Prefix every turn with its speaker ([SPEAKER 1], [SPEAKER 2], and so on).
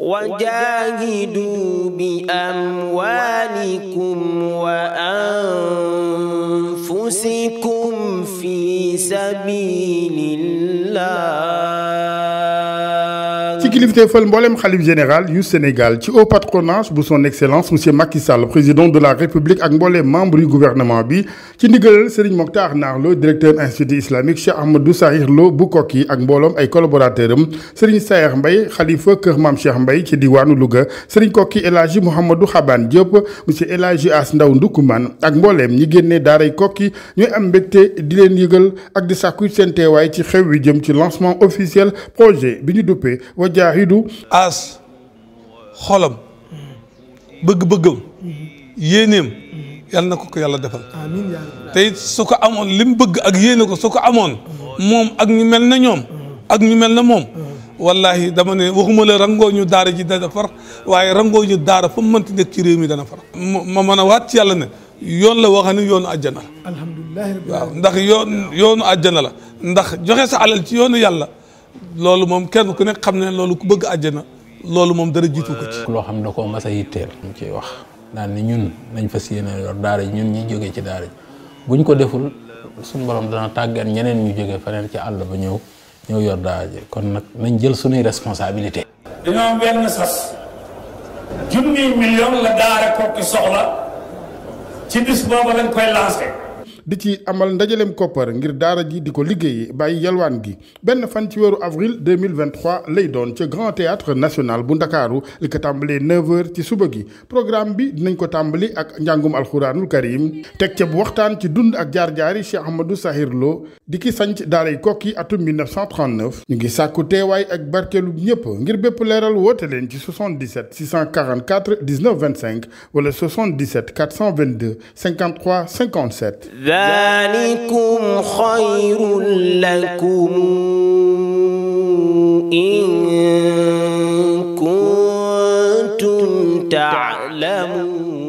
[SPEAKER 1] وجاهدوا بأموالكم وأنفسكم في سبيل الله ci
[SPEAKER 2] kilifteefal mbooleem xalif général yu Sénégal ci haut patronage bu son excellence monsieur Macky Sall président de la république ak mbooleem membre yu gouvernement bi ci ndigalal Serigne Mokhtar Narlo directeur institut islamique Cheikh Ahmadou Sahir Lo bu Koki ak mbooloom ay collaborateur am Serigne Sayer Mbaye xalifa kër Maam Cheikh mbay ci diwaanu Louga Serigne Koki El Hadji Mouhamadou Xaban Diop monsieur El Hadji As Ndaw Ndukuman ak mbooleem ñi génnee daaray kokk ñooy am mbégte di leen yëgal ak di sàkku seen teewaay ci xew wi jëm ci lancement officiel projet bi ñu duppee jaahidu as xolam bëgg-bëggam yéeneem
[SPEAKER 1] yal na ko ko yàlla defal te it ko amoon li mu bëgg ak yéene ko su ko amoon moom ak ñu mel na ñoom ak ñu mel na moom wallahi dama ne waxuma la rangoo ñu daara ji dana far waaye rangoo ñu daara fa mu mënti nekk ci réew mi dana far ma mën a waat ci yàlla ne yoon la waxee ne yoonu àjjana la alhamdulilah ndax yoon yoonu àjjana la ndax joxe sa alal ci yoonu yàlla loolu moom kenn ku nekk xam ne loolu ku bëgg na loolu moom dara jiitu ko ci. loo xam da koo mas a yitteel. ñu ciy wax
[SPEAKER 3] daan ni ñun nañ fas yéene yor daara ji ñun ñu jógee ci daara buñ ko deful suñu borom dana tàggat ñeneen ñu jógee feneen ci àll ba ñëw ñëw yor daara ji kon nag nañ jël suñuy responsabilité.
[SPEAKER 1] dañoo am benn sas junniy million la daara Koki soxla
[SPEAKER 2] ci bis boobu lañ koy lancé. di ci amal ndajaleem koppar ngir daara ji di ko liggéeyee bàyyi yalwaan gi benn fan ci weeru avril 2023 lay doon ca Grand Théâtre National bu Ndakaaru li ko tàmbalee 9h ci suba gi programme bi dinañ ko tàmbali ak njàngum alxuraanul karim teg ca bu waxtaan ci dund ak jaar-jaari Cheikh Ahmadou Sahir Lo di ki sanc daaray Kokki atum 1939 ñu ngi sàkku teewaay ak barkeelu ñëpp ngir bépp leeral woote leen ci 77 644 19 25 wala 77 422 53 57
[SPEAKER 1] ذلكم خير لكم إن
[SPEAKER 2] كنتم تعلمون